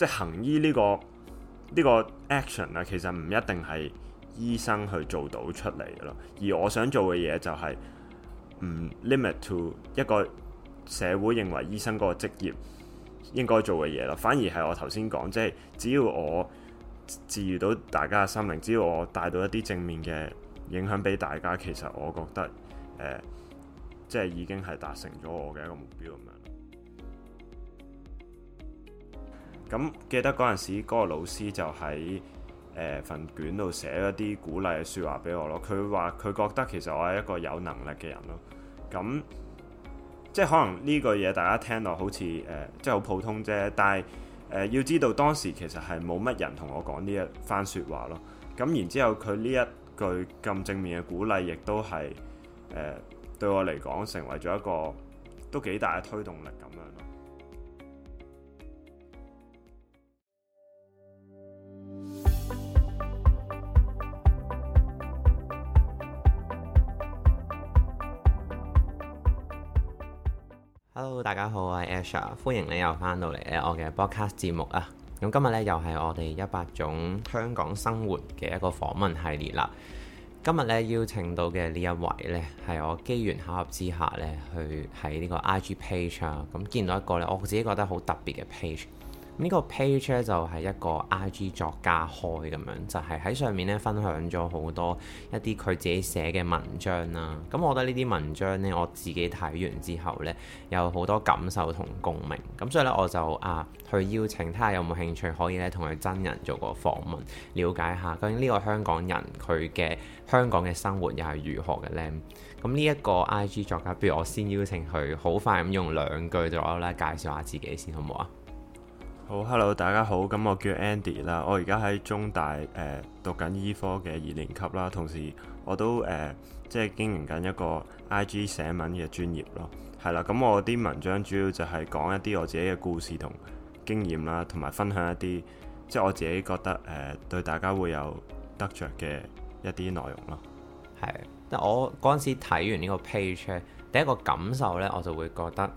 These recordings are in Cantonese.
即行醫呢個呢個 action 啊，其實唔一定係醫生去做到出嚟嘅咯。而我想做嘅嘢就係唔 limit to 一個社會認為醫生個職業應該做嘅嘢咯。反而係我頭先講，即係只要我治癒到大家嘅心靈，只要我帶到一啲正面嘅影響俾大家，其實我覺得誒、呃，即係已經係達成咗我嘅一個目標咁樣。咁記得陣時、嗰個老師就喺誒、呃、份卷度寫咗啲鼓勵嘅說話俾我咯。佢話佢覺得其實我係一個有能力嘅人咯。咁即係可能呢個嘢，大家聽落好似誒、呃、即係好普通啫，但係誒、呃、要知道當時其實係冇乜人同我講呢一番說話咯。咁然之後佢呢一句咁正面嘅鼓勵亦都係誒、呃、對我嚟講成為咗一個都幾大嘅推動力咁。Hello，大家好，我係 Asher，歡迎你又翻到嚟咧我嘅 Broadcast 節目啊。咁今日咧又係我哋一百種香港生活嘅一個訪問系列啦。今日咧邀請到嘅呢一位咧係我機緣巧合之下咧去喺呢個 IG page 啊，咁見到一個咧我自己覺得好特別嘅 page。呢個 page 咧就係一個 IG 作家開咁樣，就係、是、喺上面咧分享咗好多一啲佢自己寫嘅文章啦。咁我覺得呢啲文章呢，我自己睇完之後呢，有好多感受同共鳴。咁所以呢，我就啊去邀請睇下有冇興趣可以咧同佢真人做個訪問，了解下究竟呢個香港人佢嘅香港嘅生活又係如何嘅呢。咁呢一個 IG 作家，不如我先邀請佢好快咁用兩句左右咧介紹下自己先，好唔好啊？好，hello，大家好，咁我叫 Andy 啦，我而家喺中大誒、呃、讀緊醫科嘅二年級啦，同時我都誒、呃、即係經營緊一個 IG 寫文嘅專頁咯，係啦，咁我啲文章主要就係講一啲我自己嘅故事同經驗啦，同埋分享一啲即係我自己覺得誒、呃、對大家會有得着嘅一啲內容咯。係，但我嗰陣時睇完呢個 page，第一個感受呢，我就會覺得。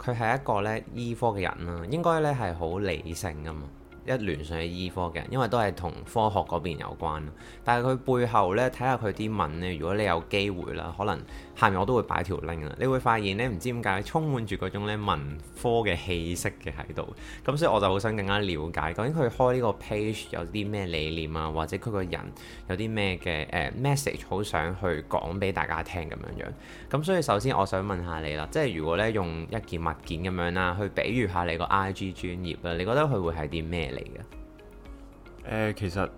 佢係一個咧醫科嘅人啦，應該咧係好理性噶嘛。一聯上嘅醫科嘅，因為都係同科學嗰邊有關。但係佢背後呢，睇下佢啲文呢，如果你有機會啦，可能下面我都會擺條 link 啦，你會發現呢，唔知點解充滿住嗰種咧文科嘅氣息嘅喺度。咁所以我就好想更加了解，究竟佢開呢個 page 有啲咩理念啊，或者佢個人有啲咩嘅誒 message 好想去講俾大家聽咁樣樣。咁所以首先我想問下你啦，即係如果呢，用一件物件咁樣啦，去比喻下你個 IG 專頁啊，你覺得佢會係啲咩？嚟嘅、呃、其實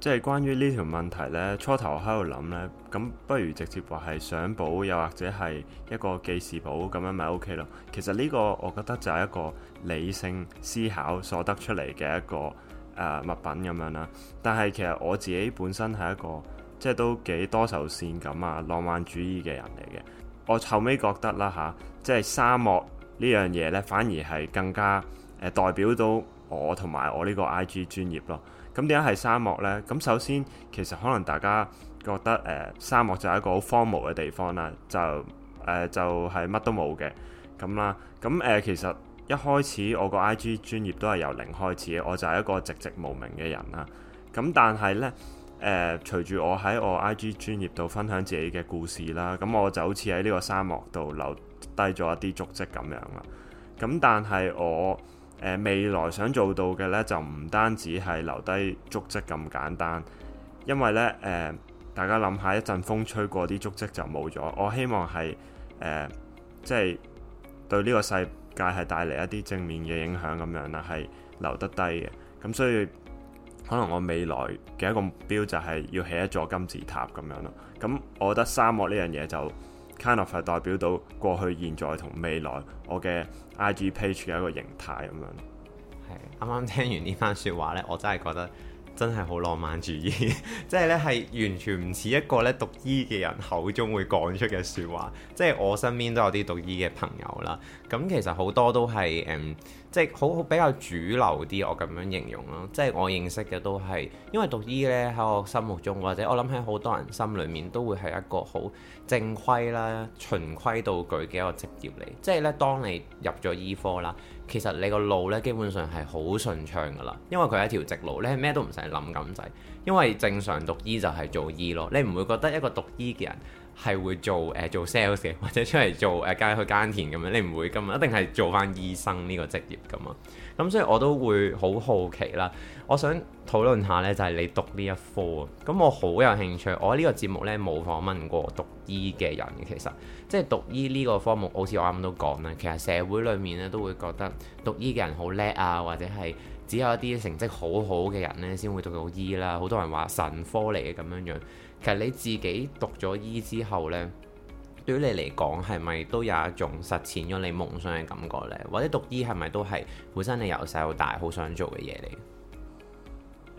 即係關於呢條問題呢，初頭喺度諗呢，咁不如直接話係相簿，又或者係一個記事簿咁樣，咪 O K 咯。其實呢個我覺得就係一個理性思考所得出嚟嘅一個、呃、物品咁樣啦。但係其實我自己本身係一個即係都幾多愁善感啊、浪漫主義嘅人嚟嘅。我後尾覺得啦，吓、啊，即係沙漠呢樣嘢呢，反而係更加、呃、代表到。我同埋我呢個 I.G. 專頁咯，咁點解係沙漠呢？咁首先其實可能大家覺得誒、呃、沙漠就係一個好荒蕪嘅地方啦，就誒、呃、就係、是、乜都冇嘅咁啦。咁誒、呃、其實一開始我個 I.G. 專頁都係由零開始嘅，我就係一個籍籍無名嘅人啦。咁但係呢，誒、呃，隨住我喺我 I.G. 專頁度分享自己嘅故事啦，咁我就好似喺呢個沙漠度留低咗一啲足跡咁樣啦。咁但係我未來想做到嘅呢，就唔單止係留低足跡咁簡單，因為呢，誒、呃，大家諗下，一陣風吹過，啲足跡就冇咗。我希望係即係對呢個世界係帶嚟一啲正面嘅影響咁樣啦，係留得低嘅。咁所以可能我未來嘅一個目標就係要起一座金字塔咁樣咯。咁我覺得沙漠呢樣嘢就～Kind of 係代表到過去、現在同未來我嘅 IG page 嘅一個形態咁樣。係，啱啱聽完呢番説話呢，我真係覺得。真係好浪漫主義，即係咧，係完全唔似一個咧讀醫嘅人口中會講出嘅説話。即係我身邊都有啲讀醫嘅朋友啦，咁其實好多都係誒、嗯，即係好比較主流啲，我咁樣形容咯。即係我認識嘅都係，因為讀醫呢喺我心目中，或者我諗喺好多人心裡面都會係一個好正規啦、循規蹈矩嘅一個職業嚟。即係咧，當你入咗醫科啦。其實你個路呢，基本上係好順暢㗎喇，因為佢係一條直路，你係咩都唔使諗咁滯。因為正常讀醫就係做醫咯，你唔會覺得一個讀醫嘅人。係會做誒、呃、做 sales 嘅，或者出嚟做誒耕、呃、去耕田咁樣，樣，你唔會咁一定係做翻醫生呢個職業咁啊？咁所以我都會好好奇啦。我想討論下呢，就係、係、你讀呢一科，咁我好有興趣。我呢個節目呢，冇訪問過讀醫嘅人，其實即係讀醫呢個科目，好似我啱都講啦，其實社會裡面呢，都會覺得讀醫嘅人好叻啊，或者係只有一啲成績好好嘅人呢，先會讀到醫啦。好多人話神科嚟嘅咁樣樣。其實你自己讀咗醫之後呢，對於你嚟講係咪都有一種實踐咗你夢想嘅感覺呢？或者讀醫係咪都係本身你由細到大好想做嘅嘢嚟？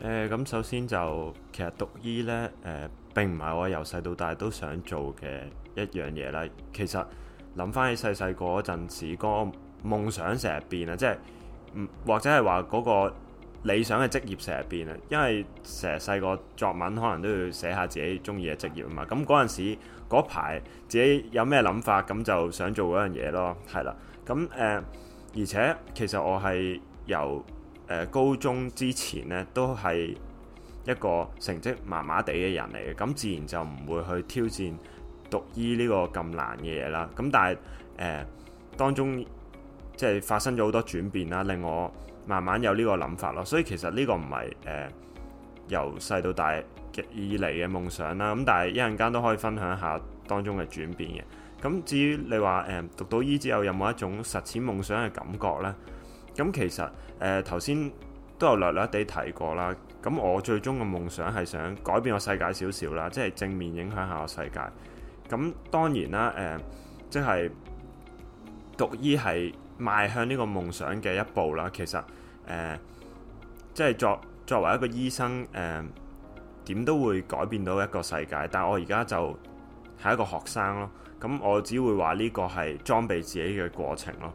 咁、呃、首先就其實讀醫呢，誒、呃、並唔係我由細到大都想做嘅一樣嘢啦。其實諗翻起細細個嗰陣時，個夢想成日變啊，即係或者係話嗰個。理想嘅職業成日變啊。因為成日細個作文可能都要寫下自己中意嘅職業啊嘛。咁嗰陣時嗰排自己有咩諗法，咁就想做嗰樣嘢咯，係啦。咁誒、呃，而且其實我係由誒、呃、高中之前呢，都係一個成績麻麻地嘅人嚟嘅。咁自然就唔會去挑戰讀醫呢個咁難嘅嘢啦。咁但係誒、呃、當中即係發生咗好多轉變啦，令我，慢慢有呢個諗法咯，所以其實呢個唔係誒由細到大嘅以嚟嘅夢想啦，咁但係一陣間都可以分享下當中嘅轉變嘅。咁至於你話誒、呃、讀到醫之後有冇一種實踐夢想嘅感覺呢？咁其實誒頭先都有略略地提過啦。咁我最終嘅夢想係想改變個世界少少啦，即係正面影響下個世界。咁當然啦，誒、呃、即係讀醫係邁向呢個夢想嘅一步啦。其實～誒、呃，即係作作為一個醫生，誒、呃、點都會改變到一個世界。但係我而家就係一個學生咯，咁我只會話呢個係裝備自己嘅過程咯，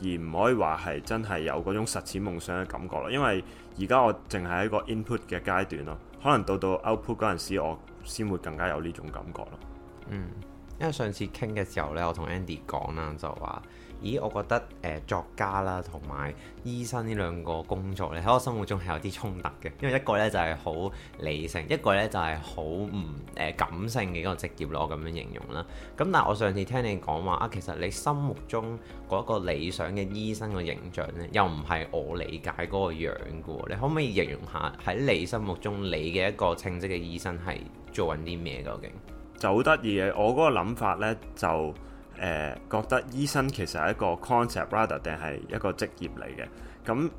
而唔可以話係真係有嗰種實踐夢想嘅感覺咯。因為而家我淨係一個 input 嘅階段咯，可能到到 output 嗰陣時，我先會更加有呢種感覺咯。嗯，因為上次傾嘅時候呢，我同 Andy 講啦，就話。咦，我覺得誒作家啦，同埋醫生呢兩個工作咧，喺我心目中係有啲衝突嘅，因為一個呢，就係好理性，一個呢，就係好唔誒感性嘅一個職業咯，我咁樣形容啦。咁但係我上次聽你講話啊，其實你心目中嗰個理想嘅醫生嘅形象呢，又唔係我理解嗰個樣嘅。你可唔可以形容下喺你心目中你嘅一個稱職嘅醫生係做緊啲咩？究竟就好得意嘅，我嗰個諗法呢，就。誒覺得醫生其實係一個 concept rather 定係一個職業嚟嘅。咁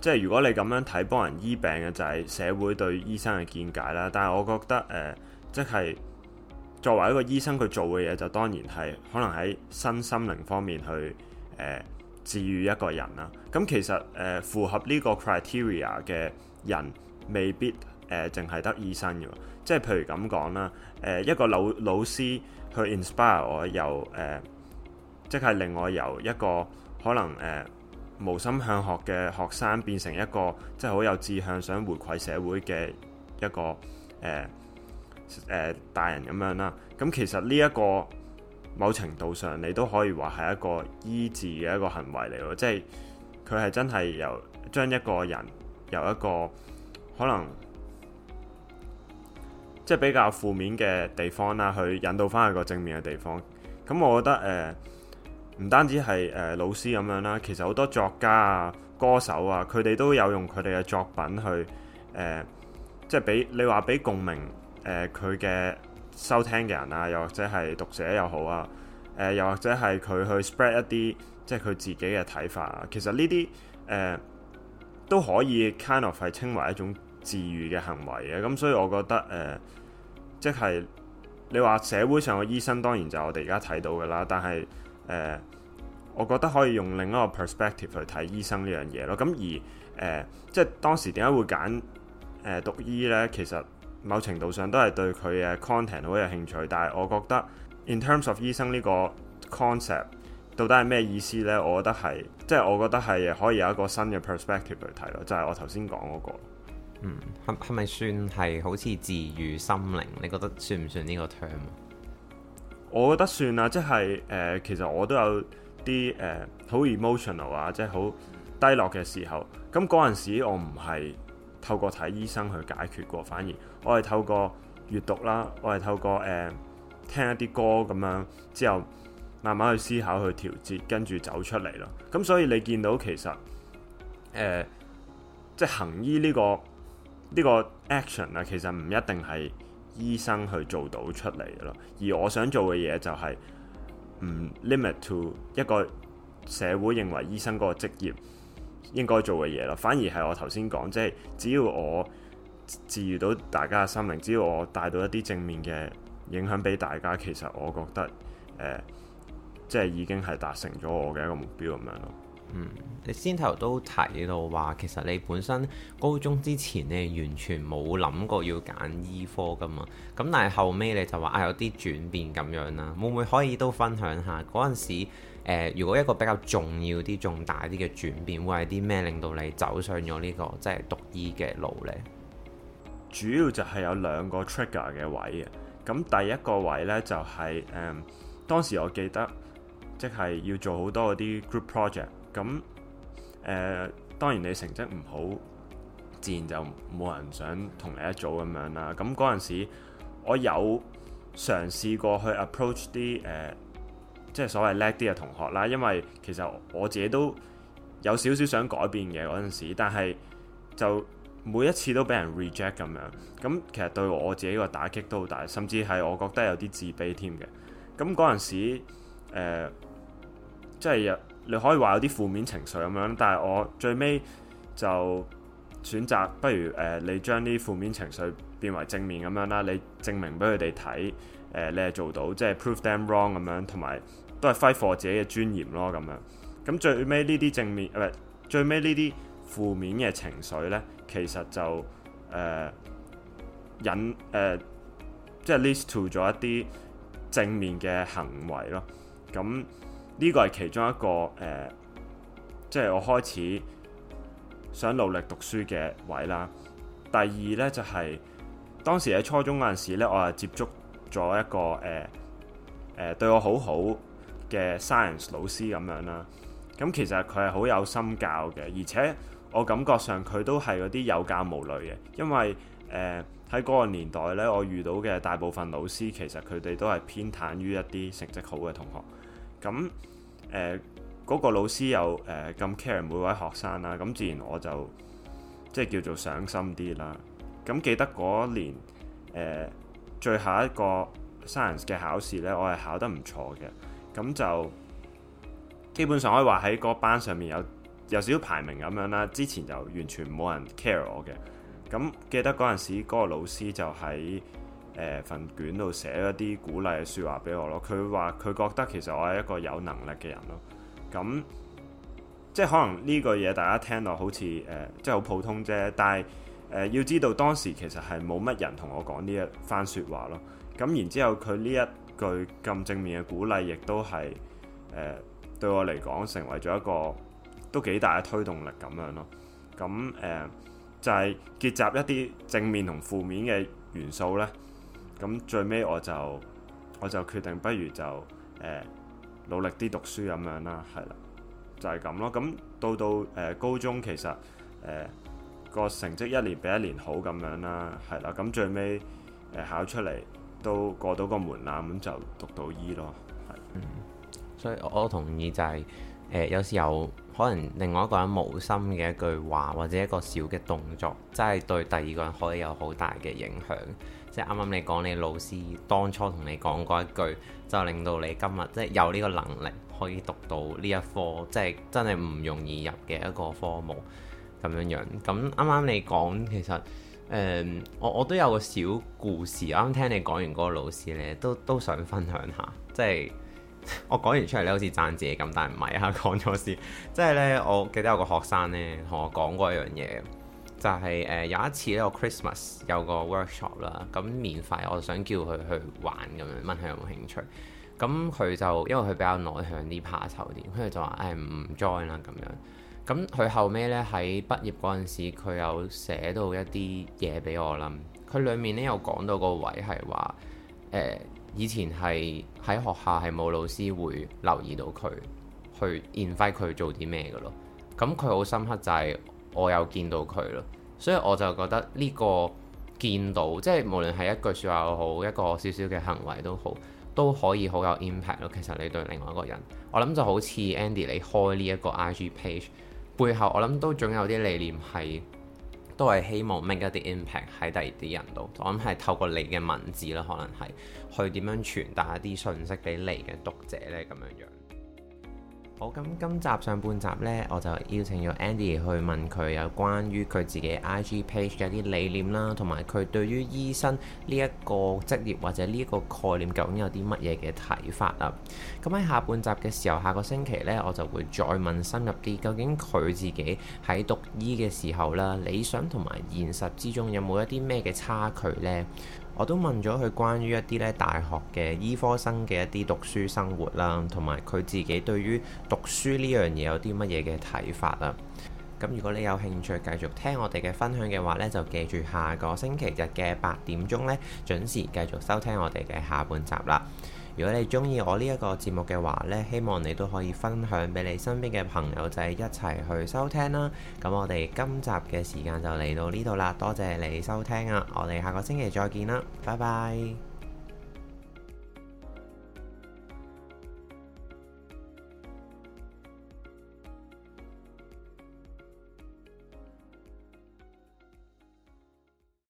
即係如果你咁樣睇幫人醫病嘅，就係社會對醫生嘅見解啦。但係我覺得誒、呃，即係作為一個醫生，佢做嘅嘢就當然係可能喺身心靈方面去誒、呃、治癒一個人啦。咁其實誒、呃、符合呢個 criteria 嘅人未必。誒，淨係、呃、得醫生嘅，即係譬如咁講啦。誒、呃，一個老老師去 inspire 我，由誒、呃，即係令我由一個可能誒、呃、無心向學嘅學生，變成一個即係好有志向想回饋社會嘅一個誒誒、呃呃、大人咁樣啦。咁、嗯、其實呢一個某程度上，你都可以話係一個醫治嘅一個行為嚟咯，即係佢係真係由將一個人由一個可能。即係比較負面嘅地方啦，去引導翻佢個正面嘅地方。咁我覺得誒，唔、呃、單止係誒、呃、老師咁樣啦，其實好多作家啊、歌手啊，佢哋都有用佢哋嘅作品去誒、呃，即係俾你話俾共鳴誒佢嘅收聽嘅人啊，又或者係讀者又好啊，誒、呃、又或者係佢去 spread 一啲即係佢自己嘅睇法啊。其實呢啲誒都可以 kind of 係稱為一種。治愈嘅行為嘅，咁所以我覺得，誒、呃，即係你話社會上嘅醫生，當然就我哋而家睇到嘅啦。但係，誒、呃，我覺得可以用另一個 perspective 去睇醫生呢樣嘢咯。咁而，誒、呃，即係當時點解會揀誒讀醫呢？其實某程度上都係對佢嘅 content 好有興趣。但係，我覺得 in terms of 醫生呢個 concept 到底係咩意思呢？我覺得係，即係我覺得係可以有一個新嘅 perspective 去睇咯，就係、是、我頭先講嗰個。嗯，係係咪算係好似治癒心靈？你覺得算唔算呢個 term？我覺得算啊，即係誒、呃，其實我都有啲誒好 emotional 啊，即係好低落嘅時候。咁嗰陣時我唔係透過睇醫生去解決過，反而我係透過閱讀啦，我係透過誒、呃、聽一啲歌咁樣之後，慢慢去思考去調節，跟住走出嚟咯。咁所以你見到其實誒、呃，即係行醫呢個。呢個 action 啊，其實唔一定係醫生去做到出嚟嘅咯。而我想做嘅嘢就係唔 limit to 一個社會認為醫生嗰個職業應該做嘅嘢咯。反而係我頭先講，即係只要我治愈到大家嘅心靈，只要我帶到一啲正面嘅影響俾大家，其實我覺得誒、呃，即係已經係達成咗我嘅一個目標咁樣咯。嗯，你先頭都提到話，其實你本身高中之前你完全冇諗過要揀醫科㗎嘛。咁但係後尾你就話啊，有啲轉變咁樣啦。會唔會可以都分享下嗰陣時誒、呃，如果一個比較重要啲、重大啲嘅轉變，會係啲咩令到你走上咗呢、這個即係讀醫嘅路呢？主要就係有兩個 trigger 嘅位嘅。咁第一個位呢，就係、是、誒、嗯，當時我記得即係、就是、要做好多嗰啲 group project。咁誒、呃，當然你成績唔好，自然就冇人想同你一組咁樣啦。咁嗰陣時，我有嘗試過去 approach 啲誒，即係所謂叻啲嘅同學啦。因為其實我自己都有少少想改變嘅嗰陣時，但係就每一次都俾人 reject 咁樣。咁其實對我自己個打擊都好大，甚至係我覺得有啲自卑添嘅。咁嗰陣時、呃、即係有。你可以話有啲負面情緒咁樣，但係我最尾就選擇不如誒、呃，你將啲負面情緒變為正面咁樣啦，你證明俾佢哋睇誒，你係做到，即係 prove them wrong 咁樣，同埋都係 fight for 自己嘅尊嚴咯咁樣。咁最尾呢啲正面，唔、呃、最尾呢啲負面嘅情緒呢，其實就誒、呃、引誒，即係 leads to 咗一啲正面嘅行為咯，咁。呢個係其中一個誒、呃，即係我開始想努力讀書嘅位啦。第二呢，就係、是、當時喺初中嗰陣時呢，我係接觸咗一個誒誒、呃呃、對我好好嘅 science 老師咁樣啦。咁、嗯、其實佢係好有心教嘅，而且我感覺上佢都係嗰啲有教無類嘅，因為誒喺嗰個年代呢，我遇到嘅大部分老師其實佢哋都係偏袒於一啲成績好嘅同學。咁誒嗰個老師又誒咁 care 每位學生啦，咁自然我就即係叫做上心啲啦。咁記得嗰年誒、呃、最後一個 science 嘅考試呢，我係考得唔錯嘅，咁就基本上可以話喺個班上面有有少少排名咁樣啦。之前就完全冇人 care 我嘅。咁記得嗰陣時，嗰個老師就喺、是，誒、呃、份卷度寫咗啲鼓勵嘅説話俾我咯。佢話佢覺得其實我係一個有能力嘅人咯。咁即係可能呢個嘢大家聽落好似誒、呃、即係好普通啫，但係、呃、要知道當時其實係冇乜人同我講呢一番説話咯。咁然之後佢呢一句咁正面嘅鼓勵，亦都係誒對我嚟講成為咗一個都幾大嘅推動力咁樣咯。咁誒、呃、就係、是、結集一啲正面同負面嘅元素呢。咁最尾我就我就決定不如就誒、呃、努力啲讀書咁樣啦，係啦，就係、是、咁咯。咁到到誒、呃、高中其實誒個、呃、成績一年比一年好咁樣啦，係啦。咁最尾誒、呃、考出嚟都過到個門檻咁就讀到醫、e、咯。係、嗯，所以我我同意就係、是、誒、呃、有時候有。可能另外一個人無心嘅一句話，或者一個小嘅動作，真係對第二個人可以有好大嘅影響。即係啱啱你講你老師當初同你講嗰一句，就令到你今日即係有呢個能力可以讀到呢一科，即係真係唔容易入嘅一個科目咁樣樣。咁啱啱你講其實誒，嗯，我我都有個小故事。啱啱聽你講完嗰個老師咧，都都想分享下，即係。 我講完出嚟咧，好似贊自己咁，但係唔係啊！講咗先，即係咧，我記得有個學生咧，同我講過一樣嘢，就係、是、誒、呃、有一次咧，我 Christmas 有個 workshop 啦、嗯，咁免費，我想叫佢去玩咁樣，問佢有冇興趣。咁、嗯、佢就因為佢比較內向啲、怕醜啲，佢就話誒唔 join 啦咁樣。咁、嗯、佢後尾咧喺畢業嗰陣時，佢有寫到一啲嘢俾我啦。佢裡面咧有講到個位係話誒。呃以前係喺學校係冇老師會留意到佢，去 encourage 佢做啲咩嘅咯。咁佢好深刻就係我有見到佢咯，所以我就覺得呢個見到即係無論係一句説話又好，一個小小嘅行為都好，都可以好有 impact 咯。其實你對另外一個人，我諗就好似 Andy 你開呢一個 IG page 背後，我諗都總有啲理念係。都係希望 make 一啲 impact 喺第二啲人度，我諗係透過你嘅文字啦，可能係去點樣傳達一啲信息俾你嘅讀者咧，咁樣樣。好，咁今集上半集呢，我就邀請咗 ND 去問佢有關於佢自己 IG page 嘅一啲理念啦，同埋佢對於醫生呢一個職業或者呢一個概念究竟有啲乜嘢嘅睇法啊？咁喺下半集嘅時候，下個星期呢，我就會再問深入啲，究竟佢自己喺讀醫嘅時候啦，理想同埋現實之中有冇一啲咩嘅差距呢？我都問咗佢關於一啲咧大學嘅醫科生嘅一啲讀書生活啦，同埋佢自己對於讀書呢樣嘢有啲乜嘢嘅睇法啊。咁如果你有興趣繼續聽我哋嘅分享嘅話呢，就記住下個星期日嘅八點鐘呢，準時繼續收聽我哋嘅下半集啦。如果你鍾意我呢一個節目嘅話咧，希望你都可以分享俾你身邊嘅朋友仔一齊去收聽啦。咁我哋今集嘅時間就嚟到呢度啦，多謝你收聽啊！我哋下個星期再見啦，拜拜。